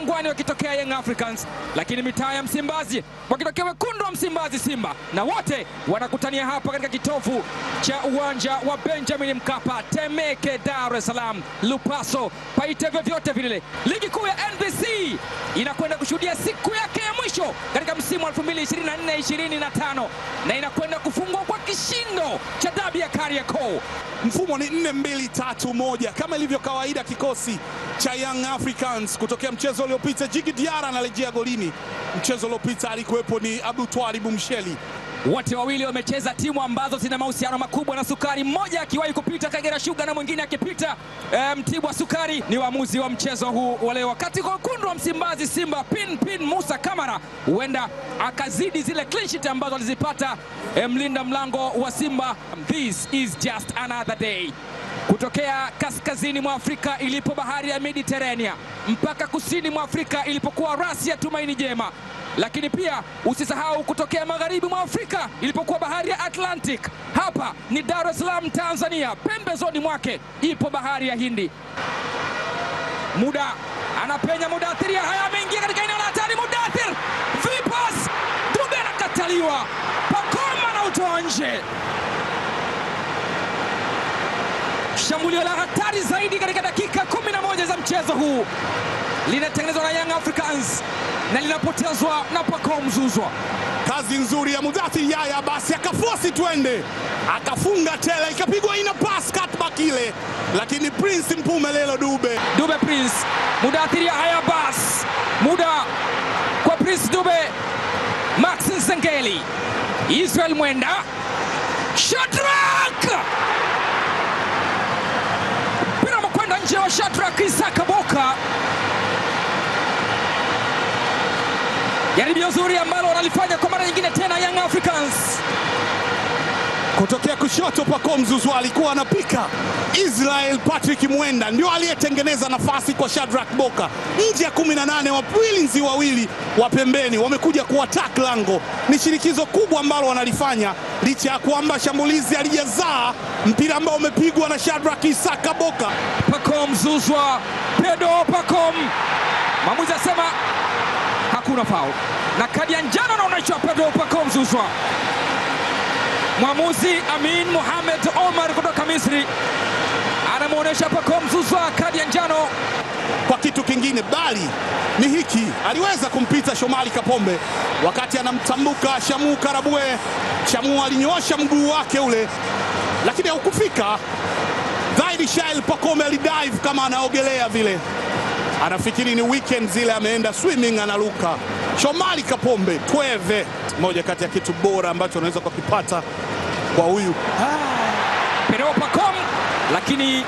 Jangwani wakitokea Young Africans, lakini mitaa ya Msimbazi wakitokea wekundu wa Msimbazi Simba, na wote wanakutania hapa katika kitovu cha uwanja wa Benjamin Mkapa, Temeke, Dar es Salaam. Lupaso paite vyovyote vile, ligi kuu ya NBC inakwenda kushuhudia siku yake ya mwisho katika msimu wa 2024 2025 na inakwenda kufungwa kwa kishindo cha dabi ya Kariakoo. Mfumo ni 4 2 3 1 kama ilivyo kawaida kikosi cha Young Africans kutokea mchezo uliopita. Jiki Diara analejea golini. Mchezo uliopita alikuwepo ni Abdul Twalib Msheli. Wote wawili wamecheza timu ambazo zina mahusiano makubwa na sukari, mmoja akiwahi kupita Kagera Sugar na mwingine akipita e, Mtibwa Sukari. Ni waamuzi wa mchezo huu wa leo, wakati kwa wekundu wa Msimbazi Simba pin pin Musa Kamara huenda akazidi zile clean sheet ambazo alizipata e, mlinda mlango wa Simba. This is just another day kutokea kaskazini mwa Afrika ilipo bahari ya Mediterania mpaka kusini mwa Afrika ilipokuwa rasi ya Tumaini Jema, lakini pia usisahau kutokea magharibi mwa Afrika ilipokuwa bahari ya Atlantic. Hapa ni Dar es Salaam, Tanzania, pembezoni mwake ipo bahari ya Hindi. Muda anapenya Mudathir, haya ameingia katika eneo la hatari. Mudathir vipas, Dube anakataliwa, Pakoma na utoa nje. Shambulio la hatari zaidi katika dakika kumi na moja za mchezo huu linatengenezwa na Young Africans na linapotezwa na Pacome Zouzoua. Kazi nzuri ya Mudathi Yaya, basi akafosi twende, akafunga tele, ikapigwa ina pass cutback ile, lakini Prince Mpume lelo Dube Dube Prince Mudathi Yaya, bas muda kwa Prince Dube, Max Nzengeli, Israel Mwenda, Shadrack uwanja wa Shadrack Isaka Boka. Jaribio zuri ambalo wanalifanya kwa mara nyingine tena Young Africans. Kutokea kushoto Pako Mzuzu alikuwa anapika. Israel Patrick Mwenda ndio aliyetengeneza nafasi kwa Shadrack Boka nje ya 18. Walinzi wawili wa pembeni wamekuja kuattack lango. Ni shinikizo kubwa ambalo wanalifanya licha ya kwamba shambulizi alijazaa mpira ambao umepigwa na Shadrack Isaka Boka. Pacom zuzwa Pedro Pacom, mwamuzi asema hakuna faul na kadi ya njano anaonyeshwa Pedro Pacom zuzwa. Mwamuzi Amin Mohamed Omar kutoka Misri anamwonyesha Pacom zuzwa kadi ya njano kwa kitu kingine bali ni hiki, aliweza kumpita Shomari Kapombe wakati anamtambuka Shamu Karabue. Shamu alinyoosha mguu wake ule, lakini haukufika. Zaidi Shail Pacome alidive kama anaogelea vile, anafikiri ni weekend zile, ameenda swimming analuka. Shomari Kapombe Kweve, moja kati ya kitu bora ambacho anaweza kukipata kwa huyu ah, Pacome, lakini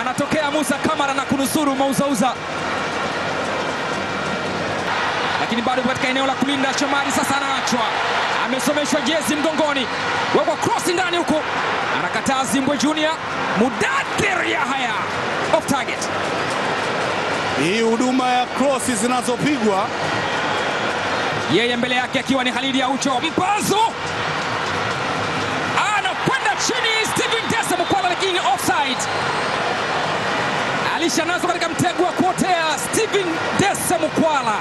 anatokea Musa Kamara na kunusuru mauzauza lakini bado katika eneo la kulinda. Shomari sasa anaachwa, amesomeshwa jezi mgongoni, wekwa krosi ndani huku, anakataa Zimbwe Junior. Mudathir Yahaya off target. Hii huduma ya krosi zinazopigwa, yeye mbele yake akiwa ni Halidi Aucho, mpazo anakwenda chini. Steven Dese Mukwala, lakini offside nazo katika mtego wa kuotea. Steven Dese Mukwala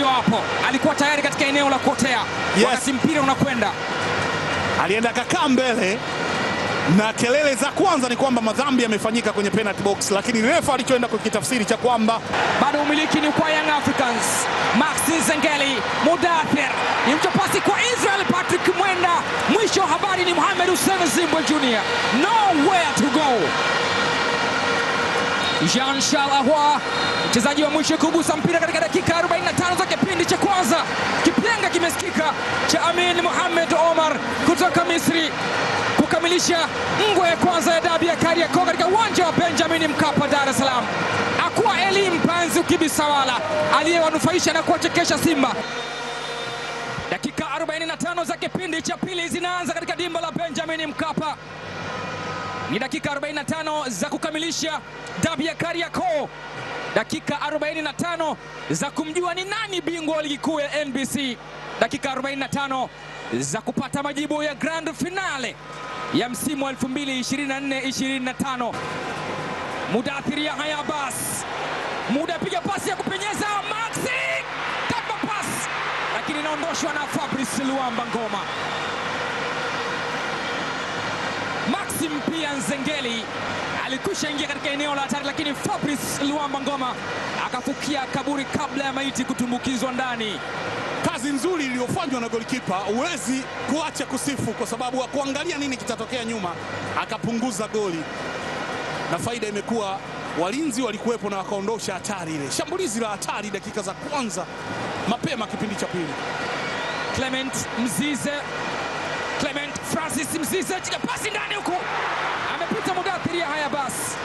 hiyo hapo, alikuwa tayari katika eneo la kuotea yes. Wakati mpira unakwenda, alienda akakaa mbele na kelele za kwanza ni kwamba madhambi yamefanyika kwenye penalty box, lakini refa alichoenda kukitafsiri cha kwamba bado umiliki ni kwa Young Africans. Maxi Zengeli Mudathir imcha pasi kwa Israel Patrick Mwenda, mwisho habari ni Mohamed Hussein Zimbwe Junior, nowhere to go. Jean Charles Ahoua, mchezaji wa mwisho kugusa mpira katika dakika 45 za kipindi cha kwanza. Kipenga kimesikika cha Amin Mohamed Omar kutoka Misri kukamilisha ngwe ya kwanza ya dabi ya Kariakoo katika uwanja wa Benjamin Mkapa, Dar es Salaam. Akuwa Eli Mpanzu ukibisawala aliyewanufaisha na kuwachekesha Simba. Dakika 45 za kipindi cha pili zinaanza katika dimba la Benjamin Mkapa. Ni dakika 45 za kukamilisha dabi ya Kariakoo, dakika 45 za kumjua ni nani bingwa wa ligi kuu ya NBC, dakika 45 za kupata majibu ya grand finale ya msimu wa 2024 2025. Mudathiri Yahya Abbas, Muda piga pasi ya kupenyeza Maxi, kamba pasi, lakini inaondoshwa na Fabrice Luamba Ngoma. Kasim pia Nzengeli alikwisha ingia katika eneo la hatari, lakini Fabrice Luamba Ngoma akafukia kaburi kabla ya maiti kutumbukizwa ndani. Kazi nzuri iliyofanywa na golikipa, huwezi kuacha kusifu kwa sababu hakuangalia nini kitatokea nyuma, akapunguza goli na faida imekuwa walinzi walikuwepo na wakaondosha hatari ile. Shambulizi la hatari dakika za kwanza mapema kipindi cha pili. Clement Mzize Clement Francis Mzize, pasi ndani huku, amepita mudathiria. Haya basi,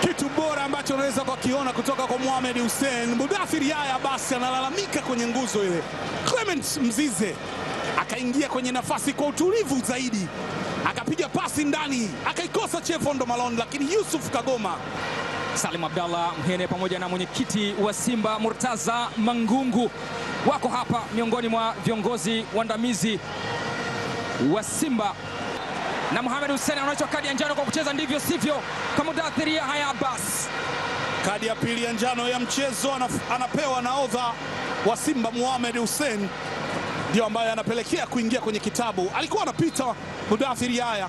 kitu bora ambacho unaweza ukakiona kutoka kwa Mohamed Hussein Mudathiri. Haya basi, analalamika kwenye nguzo ile. Clement Mzize akaingia kwenye nafasi kwa utulivu zaidi, akapiga pasi ndani, akaikosa Chefondo Malon, lakini Yusuf Kagoma Salim Abdallah Mhene pamoja na mwenyekiti wa Simba Murtaza Mangungu wako hapa miongoni mwa viongozi waandamizi wa Simba na Mohamed Hussein anaonyeshwa kadi ya njano kwa kucheza ndivyo sivyo kwa mudathiria Haya Abbas. Kadi ya pili ya njano ya mchezo anapewa odha wa Simba Mohamed Hussein, ndio ambaye anapelekea kuingia kwenye kitabu. Alikuwa anapita Mudathiri Haya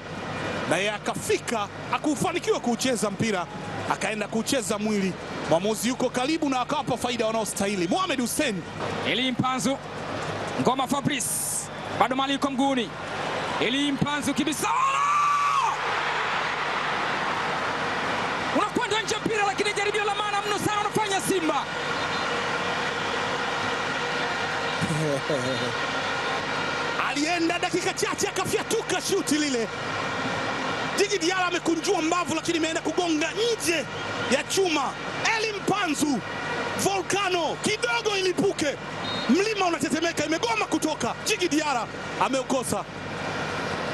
naye akafika, akufanikiwa kuucheza mpira, akaenda kuucheza mwili Mwamuzi yuko karibu na akawapa faida wanaostahili. Mohamed Hussein Eli Mpanzu, ngoma Fabrice, bado mali yuko mguuni. Eli Mpanzu kibisa, unakwenda nje mpira, lakini jaribio la maana mno sana unafanya Simba alienda dakika chache akafyatuka shuti lile. Jigi Diala amekunjua mbavu, lakini imeenda kugonga nje ya chuma. Panzu, volkano kidogo ilipuke, mlima unatetemeka, imegoma kutoka. Jigi Diara ameokosa,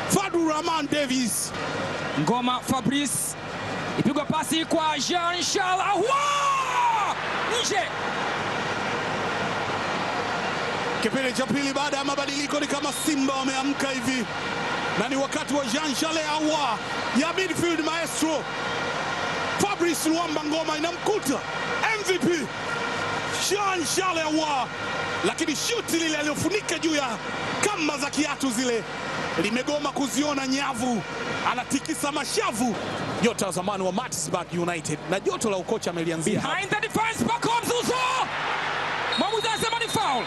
Fadu Rahman Davis, ngoma Fabrice, ipigwa pasi kwa Jean Charles Ahoua, nje. Kipindi cha pili baada ya mabadiliko ni kama Simba wameamka hivi, na ni wakati wa Jean Charles Ahoua ya midfield maestro Fabrice Luamba ngoma inamkuta MVP Jean Charles Ahoua, lakini shuti lile aliyofunika juu ya kamba za kiatu zile limegoma kuziona nyavu, anatikisa mashavu. Nyota wa zamani wa Maritzburg United na joto la ukocha amelianzia. Behind the defense, Pacome Zouzoua, mwamuzi anasema ni foul.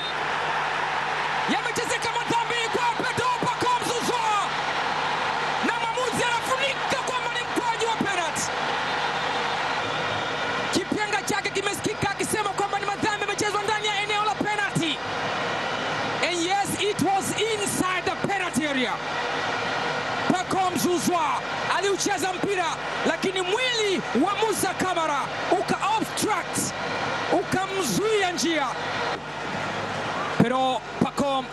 aligeuzwa, aliucheza mpira, lakini mwili wa Musa Kamara uka obstruct, ukamzuia njia. Pero Pacome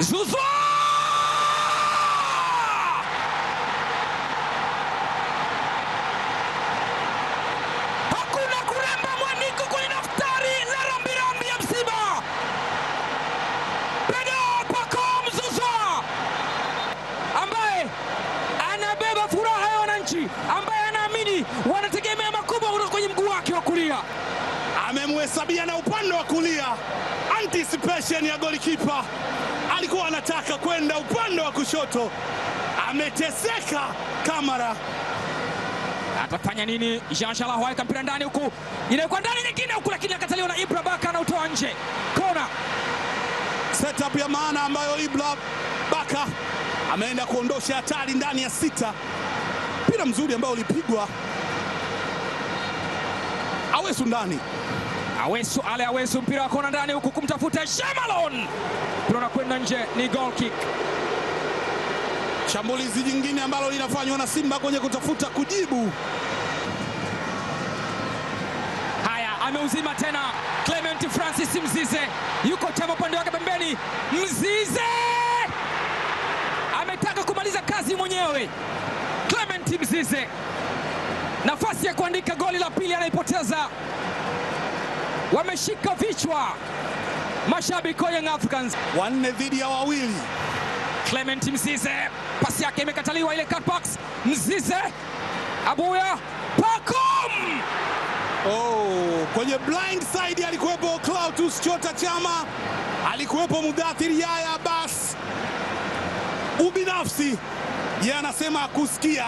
Zouzoua Sabia na upande wa kulia, anticipation ya golikipa, alikuwa anataka kwenda upande wa kushoto, ameteseka Kamara. Atafanya nini? Jean Charles aweka mpira ndani, huku inayokuwa ndani nyingine huku, lakini akataliwa na Ibra Baka, anautoa nje. Kona setup ya maana ambayo Ibra Baka ameenda kuondosha hatari ndani ya sita. Mpira mzuri ambao ulipigwa Awesu ndani. Awesu, Ale Awesu, mpira wa kona ndani huku kumtafuta Shemalon, mpira unakwenda nje, ni goal kick. Shambulizi jingine ambalo linafanywa na Simba kwenye kutafuta kujibu. Haya, ameuzima tena Clement Francis Mzize, yuko chama upande wake pembeni. Mzize ametaka kumaliza kazi mwenyewe. Clement Mzize nafasi ya kuandika goli la pili anaipoteza wameshika vichwa mashabiki wa Young Africans, wanne dhidi ya wawili. Clement Mzize, pasi yake imekataliwa ile cut box. Mzize abuya pakom oh, kwenye blind side alikuwepo Clatous Chota Chama, alikuwepo Mudathir Yaya Abbas. Ubinafsi yeye anasema kusikia,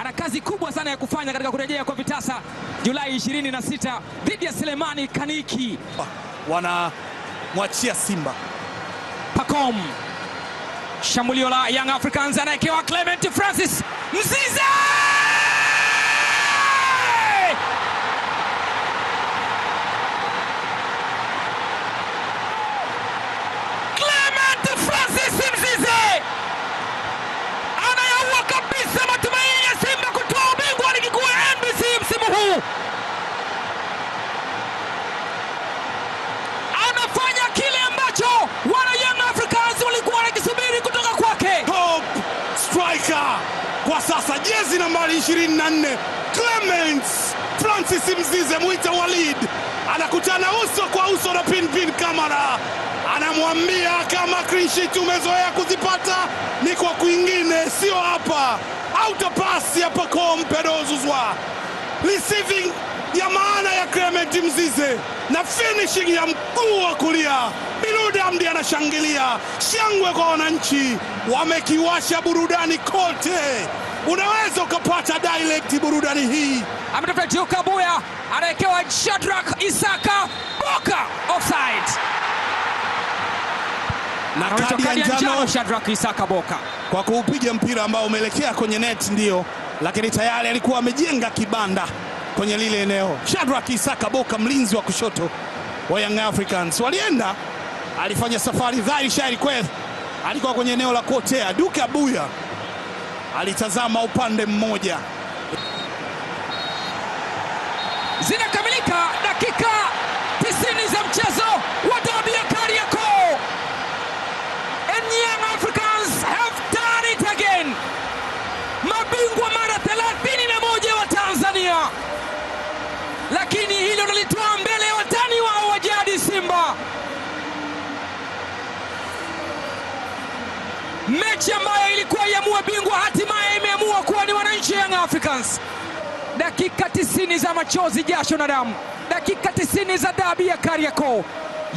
ana kazi kubwa sana ya kufanya katika kurejea kwa vitasa Julai 26 dhidi ya Selemani Kaniki. Ah, wanamwachia Simba. Pacom. Shambulio la Young Africans anaekewa Clement Francis Mzize sasa jezi nambari 24 Clements Francis Mzize mwita Walid anakutana uso kwa uso na Pinpin Kamara, anamwambia kama clean sheet umezoea kuzipata ni kwa kwingine, sio hapa. pass ya Pacome Pedro receiving ya maana ya Clement Mzize na finishing ya mkuu wa kulia. Biludamdi anashangilia, shangwe kwa wananchi, wamekiwasha burudani kote unaweza ukapata direct burudani hii. juu Kabuya anawekewa Shadrack Isaka Boka offside na kadi ya njano Shadrack Isaka Boka kwa kuupiga mpira ambao umeelekea kwenye net, ndio lakini tayari alikuwa amejenga kibanda kwenye lile eneo. Shadrack Isaka Boka, mlinzi wa kushoto wa Young Africans, walienda alifanya safari dhahiri shairi kweli, alikuwa kwenye eneo la kuotea. Duke Abuya alitazama upande mmoja. Zinakamilika dakika 90 za mchezo wa dabi ya Kariakoo, and Young Africans have done it again. Mabingwa mara 31 wa Tanzania, lakini hilo nalitoa mbele ya watani wao wa jadi Simba mechi Stars. Dakika tisini za machozi, jasho na damu, dakika tisini za dabi ya Kariakoo.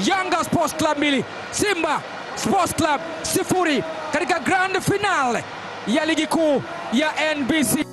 Yanga Sports Club mbili Simba Sports Club sifuri katika grand finale ya ligi kuu ya NBC.